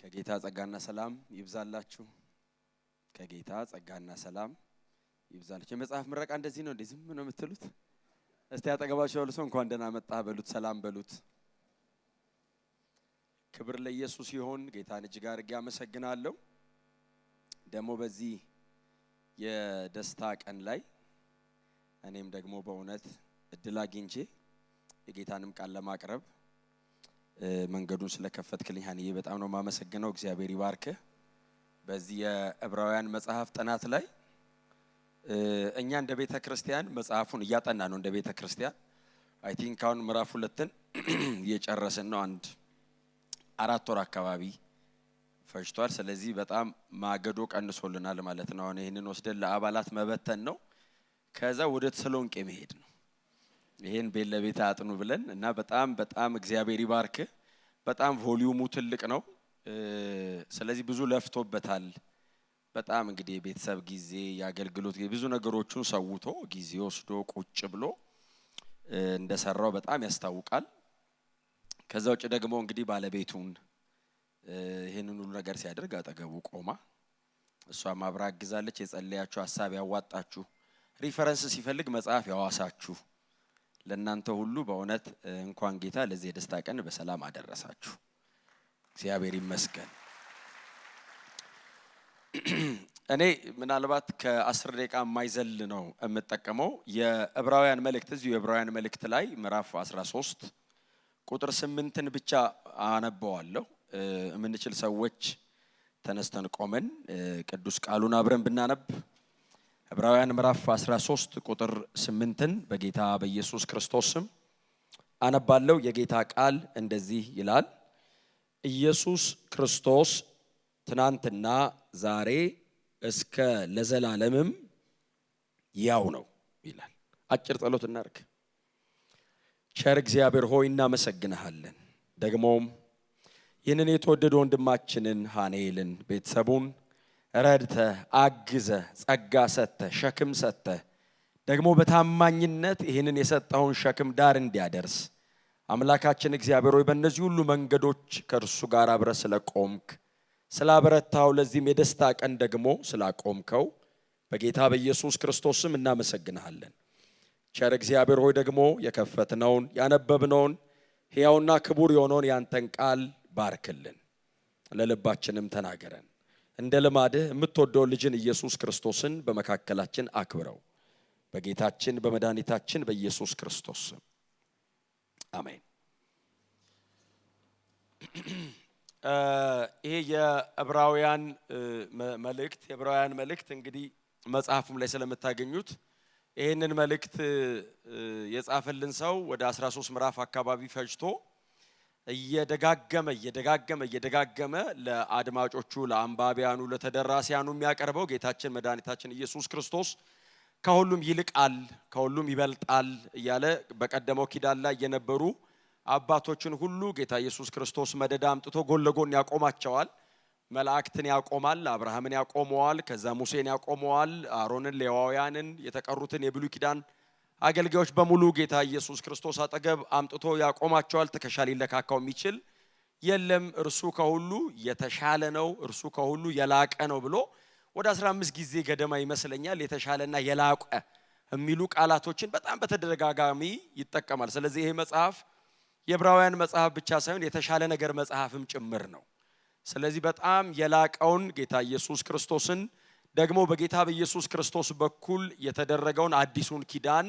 ከጌታ ጸጋና ሰላም ይብዛላችሁ። ከጌታ ጸጋና ሰላም ይብዛላችሁ። የመጽሐፍ ምረቃ እንደዚህ ነው። እንደዚህ ምን ነው የምትሉት? እስቲ አጠገባችሁ ያሉ ሰው እንኳን ደህና መጣህ በሉት፣ ሰላም በሉት። ክብር ለኢየሱስ ይሁን። ጌታን እጅግ አድርጌ አመሰግናለሁ። ደግሞ በዚህ የደስታ ቀን ላይ እኔም ደግሞ በእውነት እድል አግኝቼ የጌታንም ቃል ለማቅረብ መንገዱን ስለከፈትክልኝ ሀኒዬ በጣም ነው የማመሰግነው። እግዚአብሔር ይባርክ በዚህ የዕብራውያን መጽሐፍ ጥናት ላይ እኛ እንደ ቤተ ክርስቲያን መጽሐፉን እያጠና ነው። እንደ ቤተ ክርስቲያን አይ ቲንክ አሁን ምዕራፍ ሁለትን እየጨረስን ነው። አንድ አራት ወር አካባቢ ፈጅቷል። ስለዚህ በጣም ማገዶ ቀንሶልናል ማለት ነው። አሁን ይህንን ወስደን ለአባላት መበተን ነው። ከዛ ወደ ተሰሎንቄ መሄድ ነው። ይሄን ቤት ለቤት አጥኑ ብለን እና በጣም በጣም እግዚአብሔር ይባርክ። በጣም ቮሊዩሙ ትልቅ ነው። ስለዚህ ብዙ ለፍቶበታል። በጣም እንግዲህ የቤተሰብ ጊዜ የአገልግሎት ብዙ ነገሮቹን ሰውቶ ጊዜ ወስዶ ቁጭ ብሎ እንደሰራው በጣም ያስታውቃል። ከዛ ውጭ ደግሞ እንግዲህ ባለቤቱን ይህንን ሁሉ ነገር ሲያደርግ አጠገቡ ቆማ እሷም አብራ አግዛለች። የጸለያችሁ ሀሳብ ያዋጣችሁ ሪፈረንስ ሲፈልግ መጽሐፍ ያዋሳችሁ ለእናንተ ሁሉ በእውነት እንኳን ጌታ ለዚህ የደስታ ቀን በሰላም አደረሳችሁ። እግዚአብሔር ይመስገን። እኔ ምናልባት ከአስር ደቂቃ የማይዘል ነው የምጠቀመው። የዕብራውያን መልእክት እዚሁ የዕብራውያን መልእክት ላይ ምዕራፍ 13 ቁጥር ስምንትን ብቻ አነበዋለሁ። የምንችል ሰዎች ተነስተን ቆመን ቅዱስ ቃሉን አብረን ብናነብ ዕብራውያን ምዕራፍ 13 ቁጥር 8ን በጌታ በኢየሱስ ክርስቶስ ስም አነባለው። የጌታ ቃል እንደዚህ ይላል፣ ኢየሱስ ክርስቶስ ትናንትና ዛሬ እስከ ለዘላለምም ያው ነው ይላል። አጭር ጸሎት እናርግ። ቸር እግዚአብሔር ሆይ እናመሰግንሃለን። ደግሞም ይህንን የተወደደ ወንድማችንን ሃኔልን ቤተሰቡን ረድተ አግዘ ጸጋ ሰጥተ ሸክም ሰጥተ ደግሞ በታማኝነት ይህንን የሰጠውን ሸክም ዳር እንዲያደርስ አምላካችን እግዚአብሔር ሆይ በእነዚህ ሁሉ መንገዶች ከእርሱ ጋር አብረ ስለቆምክ ስላበረታው ለዚህም የደስታ ቀን ደግሞ ስላቆምከው በጌታ በኢየሱስ ክርስቶስም እናመሰግንሃለን። ቸር እግዚአብሔር ሆይ ደግሞ የከፈትነውን ያነበብነውን ሕያውና ክቡር የሆነውን ያንተን ቃል ባርክልን፣ ለልባችንም ተናገረን። እንደ ልማድህ የምትወደው ልጅን ኢየሱስ ክርስቶስን በመካከላችን አክብረው። በጌታችን በመድኃኒታችን በኢየሱስ ክርስቶስ አሜን። ይሄ የዕብራውያን መልእክት የዕብራውያን መልእክት እንግዲህ መጽሐፉም ላይ ስለምታገኙት ይህንን መልእክት የጻፈልን ሰው ወደ 13 ምዕራፍ አካባቢ ፈጅቶ እየደጋገመ እየደጋገመ እየደጋገመ ለአድማጮቹ ለአንባቢያኑ ለተደራሲያኑ የሚያቀርበው ጌታችን መድኃኒታችን ኢየሱስ ክርስቶስ ከሁሉም ይልቃል ከሁሉም ይበልጣል እያለ በቀደመው ኪዳን ላይ የነበሩ አባቶችን ሁሉ ጌታ ኢየሱስ ክርስቶስ መደዳ አምጥቶ ጎን ለጎን ያቆማቸዋል። መላእክትን ያቆማል፣ አብርሃምን ያቆመዋል፣ ከዛ ሙሴን ያቆመዋል፣ አሮንን፣ ሌዋውያንን፣ የተቀሩትን የብሉይ ኪዳን አገልጋዮች በሙሉ ጌታ ኢየሱስ ክርስቶስ አጠገብ አምጥቶ ያቆማቸዋል። ትከሻ ሊለካካው የሚችል የለም። እርሱ ከሁሉ የተሻለ ነው፣ እርሱ ከሁሉ የላቀ ነው ብሎ ወደ 15 ጊዜ ገደማ ይመስለኛል የተሻለና የላቀ የሚሉ ቃላቶችን በጣም በተደጋጋሚ ይጠቀማል። ስለዚህ ይሄ መጽሐፍ የዕብራውያን መጽሐፍ ብቻ ሳይሆን የተሻለ ነገር መጽሐፍም ጭምር ነው። ስለዚህ በጣም የላቀውን ጌታ ኢየሱስ ክርስቶስን ደግሞ በጌታ በኢየሱስ ክርስቶስ በኩል የተደረገውን አዲሱን ኪዳን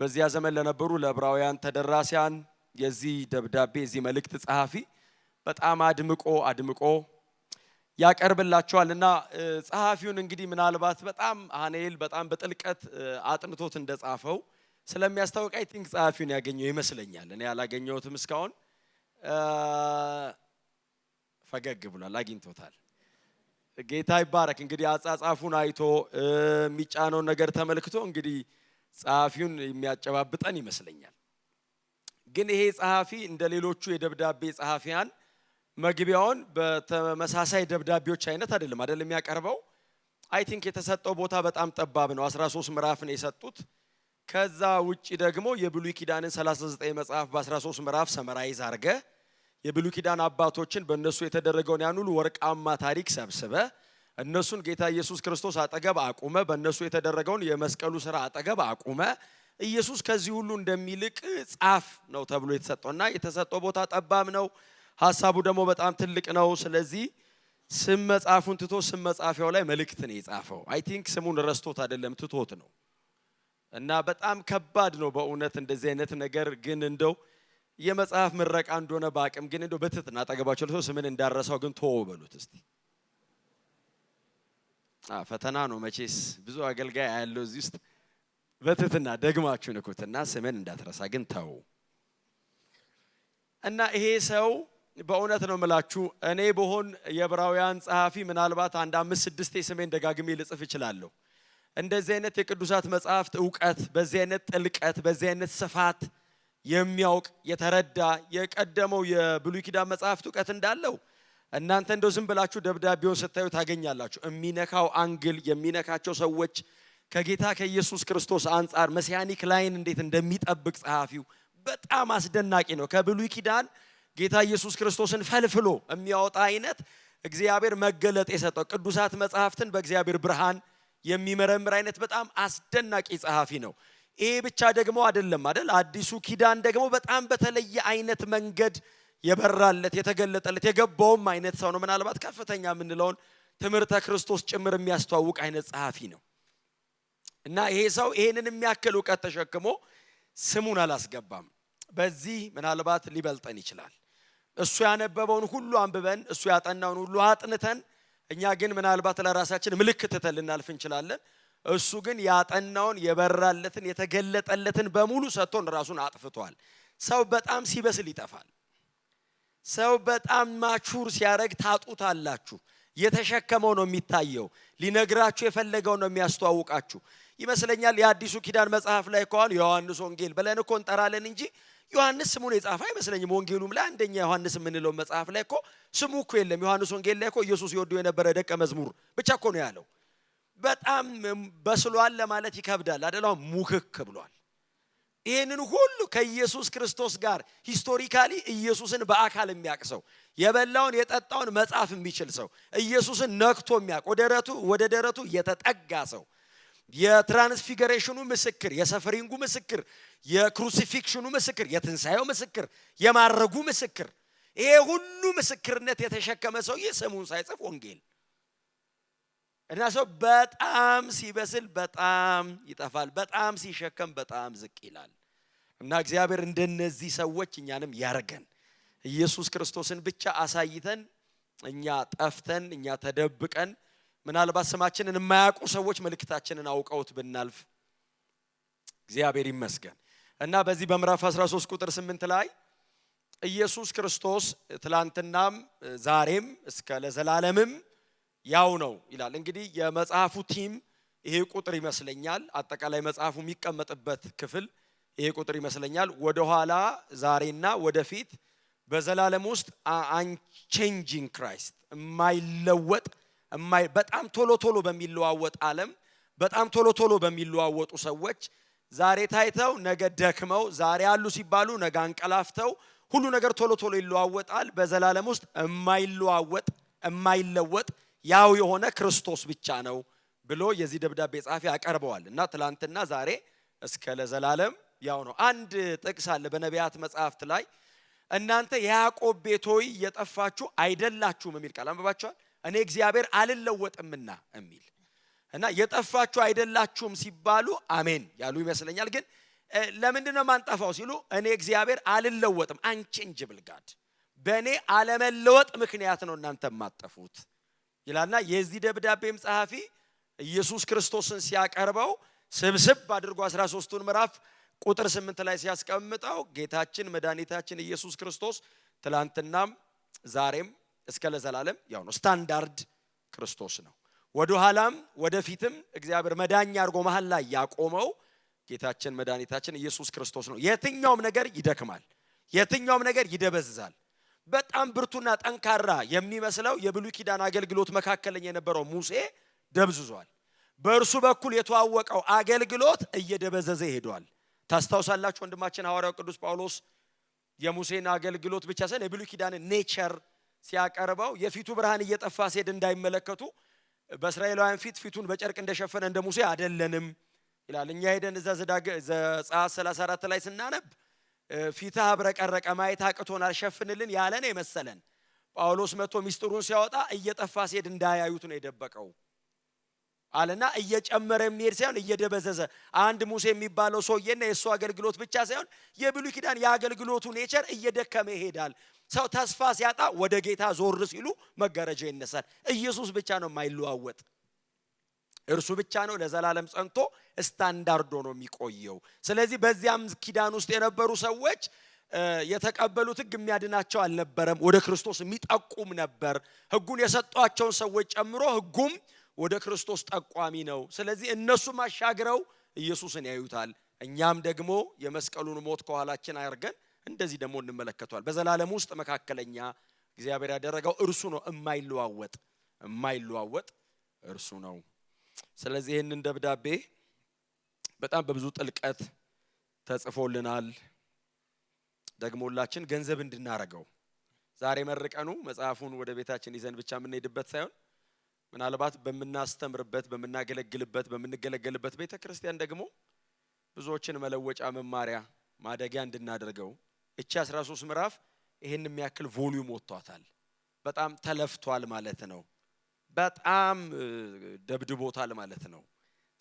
በዚያ ዘመን ለነበሩ ለዕብራውያን ተደራሲያን የዚህ ደብዳቤ የዚህ መልእክት ጸሐፊ በጣም አድምቆ አድምቆ ያቀርብላቸዋል እና ጸሐፊውን እንግዲህ ምናልባት በጣም ሀኔል በጣም በጥልቀት አጥንቶት እንደጻፈው ስለሚያስታውቅ አይ ቲንክ ጸሐፊውን ያገኘው ይመስለኛል። እኔ አላገኘሁትም እስካሁን። ፈገግ ብሏል፣ አግኝቶታል። ጌታ ይባረክ። እንግዲህ አጻጻፉን አይቶ የሚጫነውን ነገር ተመልክቶ እንግዲህ ጸሐፊውን የሚያጨባብጠን ይመስለኛል። ግን ይሄ ጸሐፊ እንደ ሌሎቹ የደብዳቤ ጸሐፊያን መግቢያውን በተመሳሳይ ደብዳቤዎች አይነት አይደለም አይደለም የሚያቀርበው። አይ ቲንክ የተሰጠው ቦታ በጣም ጠባብ ነው። 13 ምዕራፍ ነው የሰጡት። ከዛ ውጪ ደግሞ የብሉይ ኪዳንን 39 መጽሐፍ በ13 ምዕራፍ ሰመራይዝ አርገ የብሉይ ኪዳን አባቶችን በእነሱ የተደረገውን ያን ሁሉ ወርቃማ ታሪክ ሰብስበ እነሱን ጌታ ኢየሱስ ክርስቶስ አጠገብ አቁመ፣ በእነሱ የተደረገውን የመስቀሉ ስራ አጠገብ አቁመ ኢየሱስ ከዚህ ሁሉ እንደሚልቅ ጻፍ ነው ተብሎ የተሰጠው እና የተሰጠው ቦታ ጠባብ ነው። ሀሳቡ ደግሞ በጣም ትልቅ ነው። ስለዚህ ስም መጽሐፉን ትቶ ስም መጻፊያው ላይ መልእክት ነው የጻፈው። አይ ቲንክ ስሙን ረስቶት አይደለም ትቶት ነው እና በጣም ከባድ ነው በእውነት እንደዚህ አይነት ነገር ግን እንደው የመጽሐፍ ምረቃ እንደሆነ በአቅም ግን እንደው በትትና አጠገባቸው ስምን እንዳረሳው ግን ቶ በሉት እስቲ ፈተና ነው መቼስ። ብዙ አገልጋይ ያለው እዚህ ውስጥ በትትና ደግማችሁ ንኩትና ስምን እንዳትረሳ ግን ተው እና ይሄ ሰው በእውነት ነው ምላችሁ፣ እኔ በሆን የብራውያን ጸሐፊ ምናልባት አንድ አምስት ስድስቴ ስሜን ደጋግሜ ልጽፍ እችላለሁ። እንደዚህ አይነት የቅዱሳት መጽሐፍት እውቀት በዚህ አይነት ጥልቀት በዚህ አይነት ስፋት የሚያውቅ የተረዳ የቀደመው የብሉይ ኪዳን መጽሐፍት እውቀት እንዳለው እናንተ እንደው ዝም ብላችሁ ደብዳቤው ስታዩ ታገኛላችሁ። የሚነካው አንግል የሚነካቸው ሰዎች ከጌታ ከኢየሱስ ክርስቶስ አንጻር መሲያኒክ ላይን እንዴት እንደሚጠብቅ ጸሐፊው በጣም አስደናቂ ነው። ከብሉይ ኪዳን ጌታ ኢየሱስ ክርስቶስን ፈልፍሎ የሚያወጣ አይነት እግዚአብሔር መገለጥ የሰጠው ቅዱሳት መጽሐፍትን በእግዚአብሔር ብርሃን የሚመረምር አይነት በጣም አስደናቂ ጸሐፊ ነው። ይሄ ብቻ ደግሞ አይደለም አይደል? አዲሱ ኪዳን ደግሞ በጣም በተለየ አይነት መንገድ የበራለት የተገለጠለት የገባውም አይነት ሰው ነው። ምናልባት ከፍተኛ የምንለውን ትምህርተ ክርስቶስ ጭምር የሚያስተዋውቅ አይነት ጸሐፊ ነው እና ይሄ ሰው ይሄንን የሚያክል እውቀት ተሸክሞ ስሙን አላስገባም። በዚህ ምናልባት ሊበልጠን ይችላል። እሱ ያነበበውን ሁሉ አንብበን እሱ ያጠናውን ሁሉ አጥንተን እኛ ግን ምናልባት ለራሳችን ምልክት ትተን ልናልፍ እንችላለን። እሱ ግን ያጠናውን የበራለትን የተገለጠለትን በሙሉ ሰጥቶን ራሱን አጥፍቷል። ሰው በጣም ሲበስል ይጠፋል። ሰው በጣም ማቹር ሲያደርግ ታጡታላችሁ። የተሸከመው ነው የሚታየው፣ ሊነግራችሁ የፈለገው ነው የሚያስተዋውቃችሁ ይመስለኛል። የአዲሱ ኪዳን መጽሐፍ ላይ ከሆን ዮሐንስ ወንጌል ብለን እኮ እንጠራለን እንጂ ዮሐንስ ስሙን የጻፈ አይመስለኝም። ወንጌሉም ላይ አንደኛ ዮሐንስ የምንለው መጽሐፍ ላይ እኮ ስሙ እኮ የለም። ዮሐንስ ወንጌል ላይ እኮ ኢየሱስ ይወዱ የነበረ ደቀ መዝሙር ብቻ እኮ ነው ያለው። በጣም በስሏል ለማለት ይከብዳል አደላው ሙክክ ብሏል። ይህንን ሁሉ ከኢየሱስ ክርስቶስ ጋር ሂስቶሪካሊ ኢየሱስን በአካል የሚያውቅ ሰው የበላውን የጠጣውን መጻፍ የሚችል ሰው ኢየሱስን ነክቶ የሚያውቅ ወደ ደረቱ ወደ ደረቱ የተጠጋ ሰው የትራንስፊገሬሽኑ ምስክር፣ የሰፈሪንጉ ምስክር፣ የክሩሲፊክሽኑ ምስክር፣ የትንሣኤው ምስክር፣ የማረጉ ምስክር፣ ይሄ ሁሉ ምስክርነት የተሸከመ ሰው ስሙን ሳይጽፍ ወንጌል እና ሰው በጣም ሲበስል በጣም ይጠፋል፣ በጣም ሲሸከም በጣም ዝቅ ይላል። እና እግዚአብሔር እንደነዚህ ሰዎች እኛንም ያርገን። ኢየሱስ ክርስቶስን ብቻ አሳይተን እኛ ጠፍተን እኛ ተደብቀን ምናልባት ስማችንን የማያውቁ ሰዎች ምልክታችንን አውቀውት ብናልፍ እግዚአብሔር ይመስገን። እና በዚህ በምዕራፍ 13 ቁጥር 8 ላይ ኢየሱስ ክርስቶስ ትላንትናም ዛሬም እስከ ለዘላለምም ያው ነው ይላል። እንግዲህ የመጽሐፉ ቲም ይሄ ቁጥር ይመስለኛል። አጠቃላይ መጽሐፉ የሚቀመጥበት ክፍል ይሄ ቁጥር ይመስለኛል። ወደኋላ ዛሬና ወደፊት በዘላለም ውስጥ አንቼንጂንግ ክራይስት የማይለወጥ በጣም ቶሎ ቶሎ በሚለዋወጥ ዓለም በጣም ቶሎ ቶሎ በሚለዋወጡ ሰዎች ዛሬ ታይተው ነገ ደክመው ዛሬ አሉ ሲባሉ ነገ አንቀላፍተው ሁሉ ነገር ቶሎ ቶሎ ይለዋወጣል። በዘላለም ውስጥ የማይለዋወጥ የማይለወጥ ያው የሆነ ክርስቶስ ብቻ ነው ብሎ የዚህ ደብዳቤ ጻፊ አቀርበዋል እና ትላንትና ዛሬ እስከ ለዘላለም ያው ነው። አንድ ጥቅስ አለ በነቢያት መጽሐፍት ላይ እናንተ የያዕቆብ ቤቶይ የጠፋችሁ አይደላችሁም የሚል ቃል አንብባችኋል። እኔ እግዚአብሔር አልለወጥምና የሚል እና የጠፋችሁ አይደላችሁም ሲባሉ አሜን ያሉ ይመስለኛል። ግን ለምንድን ነው የማንጠፋው ሲሉ እኔ እግዚአብሔር አልለወጥም አንቼንጅብል ጋድ፣ በእኔ አለመለወጥ ምክንያት ነው እናንተ የማጠፉት ይላልና የዚህ ደብዳቤም ጸሐፊ ኢየሱስ ክርስቶስን ሲያቀርበው ስብስብ አድርጎ 13ቱን ምዕራፍ ቁጥር 8 ላይ ሲያስቀምጠው ጌታችን መድኃኒታችን ኢየሱስ ክርስቶስ ትላንትናም ዛሬም እስከ ለዘላለም ያው ነው። ስታንዳርድ ክርስቶስ ነው። ወደ ኋላም ወደፊትም እግዚአብሔር መዳኛ አድርጎ መሀል ላይ ያቆመው ጌታችን መድኃኒታችን ኢየሱስ ክርስቶስ ነው። የትኛውም ነገር ይደክማል፣ የትኛውም ነገር ይደበዝዛል። በጣም ብርቱና ጠንካራ የሚመስለው የብሉይ ኪዳን አገልግሎት መካከለኛ የነበረው ሙሴ ደብዝዟል። በእርሱ በኩል የተዋወቀው አገልግሎት እየደበዘዘ ሄዷል። ታስታውሳላችሁ ወንድማችን ሐዋርያው ቅዱስ ጳውሎስ የሙሴን አገልግሎት ብቻ ሳይሆን የብሉይ ኪዳንን ኔቸር ሲያቀርበው የፊቱ ብርሃን እየጠፋ ሲሄድ እንዳይመለከቱ በእስራኤላውያን ፊት ፊቱን በጨርቅ እንደሸፈነ እንደ ሙሴ አደለንም ይላል። እኛ ሄደን እዛ ዘጸአት 34 ላይ ስናነብ ፊትህ አብረቀረቀ ማየት አቅቶናል ሸፍንልን ያለን የመሰለን ጳውሎስ መጥቶ ሚስጥሩን ሲያወጣ እየጠፋ ሲሄድ እንዳያዩት ነው የደበቀው አለና እየጨመረ የሚሄድ ሳይሆን እየደበዘዘ አንድ ሙሴ የሚባለው ሰውዬና የእሱ አገልግሎት ብቻ ሳይሆን የብሉይ ኪዳን የአገልግሎቱ ኔቸር እየደከመ ይሄዳል። ሰው ተስፋ ሲያጣ ወደ ጌታ ዞር ሲሉ መጋረጃ ይነሳል። ኢየሱስ ብቻ ነው የማይለዋወጥ። እርሱ ብቻ ነው ለዘላለም ጸንቶ ስታንዳርድ ሆኖ የሚቆየው። ስለዚህ በዚያም ኪዳን ውስጥ የነበሩ ሰዎች የተቀበሉት ሕግ የሚያድናቸው አልነበረም፣ ወደ ክርስቶስ የሚጠቁም ነበር። ሕጉን የሰጧቸውን ሰዎች ጨምሮ ሕጉም ወደ ክርስቶስ ጠቋሚ ነው። ስለዚህ እነሱ አሻግረው ኢየሱስን ያዩታል። እኛም ደግሞ የመስቀሉን ሞት ከኋላችን አድርገን እንደዚህ ደግሞ እንመለከቷል። በዘላለም ውስጥ መካከለኛ እግዚአብሔር ያደረገው እርሱ ነው፣ የማይለዋወጥ የማይለዋወጥ እርሱ ነው። ስለዚህ ይህንን ደብዳቤ በጣም በብዙ ጥልቀት ተጽፎልናል። ደግሞ ሁላችን ገንዘብ እንድናረገው ዛሬ መርቀኑ መጽሐፉን ወደ ቤታችን ይዘን ብቻ የምንሄድበት ሳይሆን ምናልባት በምናስተምርበት፣ በምናገለግልበት፣ በምንገለገልበት ቤተ ክርስቲያን ደግሞ ብዙዎችን መለወጫ መማሪያ ማደጊያ እንድናደርገው እቺ 13 ምዕራፍ ይህን የሚያክል ቮሊዩም ወጥቷታል። በጣም ተለፍቷል ማለት ነው። በጣም ደብድቦታል ማለት ነው።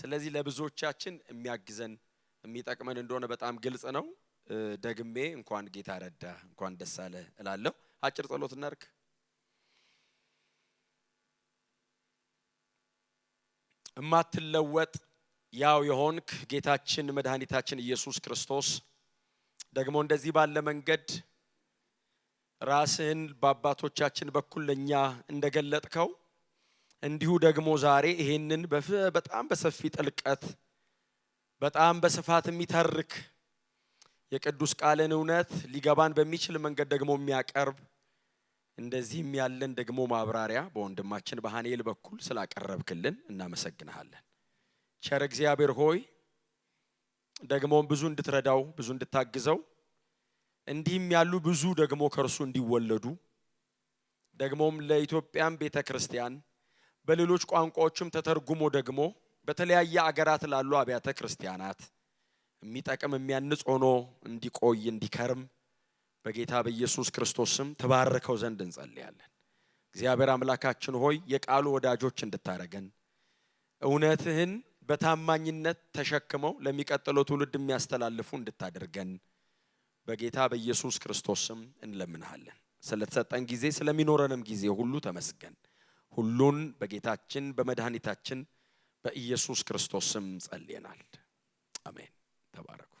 ስለዚህ ለብዙዎቻችን የሚያግዘን የሚጠቅመን እንደሆነ በጣም ግልጽ ነው። ደግሜ እንኳን ጌታ ረዳ እንኳን ደስ አለ እላለሁ። አጭር ጸሎት እናርክ። እማትለወጥ ያው የሆንክ ጌታችን መድኃኒታችን ኢየሱስ ክርስቶስ ደግሞ እንደዚህ ባለ መንገድ ራስህን በአባቶቻችን በኩል ለእኛ እንደገለጥከው እንዲሁ ደግሞ ዛሬ ይሄንን በጣም በሰፊ ጥልቀት በጣም በስፋት የሚተርክ የቅዱስ ቃልን እውነት ሊገባን በሚችል መንገድ ደግሞ የሚያቀርብ እንደዚህም ያለን ደግሞ ማብራሪያ በወንድማችን በሃኔል በኩል ስላቀረብክልን እናመሰግንሃለን። ቸር እግዚአብሔር ሆይ ደግሞ ብዙ እንድትረዳው ብዙ እንድታግዘው እንዲህም ያሉ ብዙ ደግሞ ከእርሱ እንዲወለዱ ደግሞም ለኢትዮጵያም ቤተ ክርስቲያን በሌሎች ቋንቋዎችም ተተርጉሞ ደግሞ በተለያየ አገራት ላሉ አብያተ ክርስቲያናት የሚጠቅም የሚያንጽ ሆኖ እንዲቆይ እንዲከርም በጌታ በኢየሱስ ክርስቶስም ተባረከው ዘንድ እንጸልያለን። እግዚአብሔር አምላካችን ሆይ የቃሉ ወዳጆች እንድታደርገን እውነትህን በታማኝነት ተሸክመው ለሚቀጥለው ትውልድ የሚያስተላልፉ እንድታደርገን በጌታ በኢየሱስ ክርስቶስም እንለምንሃለን። ስለተሰጠን ጊዜ ስለሚኖረንም ጊዜ ሁሉ ተመስገን። ሁሉን በጌታችን በመድኃኒታችን በኢየሱስ ክርስቶስ ስም ጸልየናል። አሜን። ተባረኩ።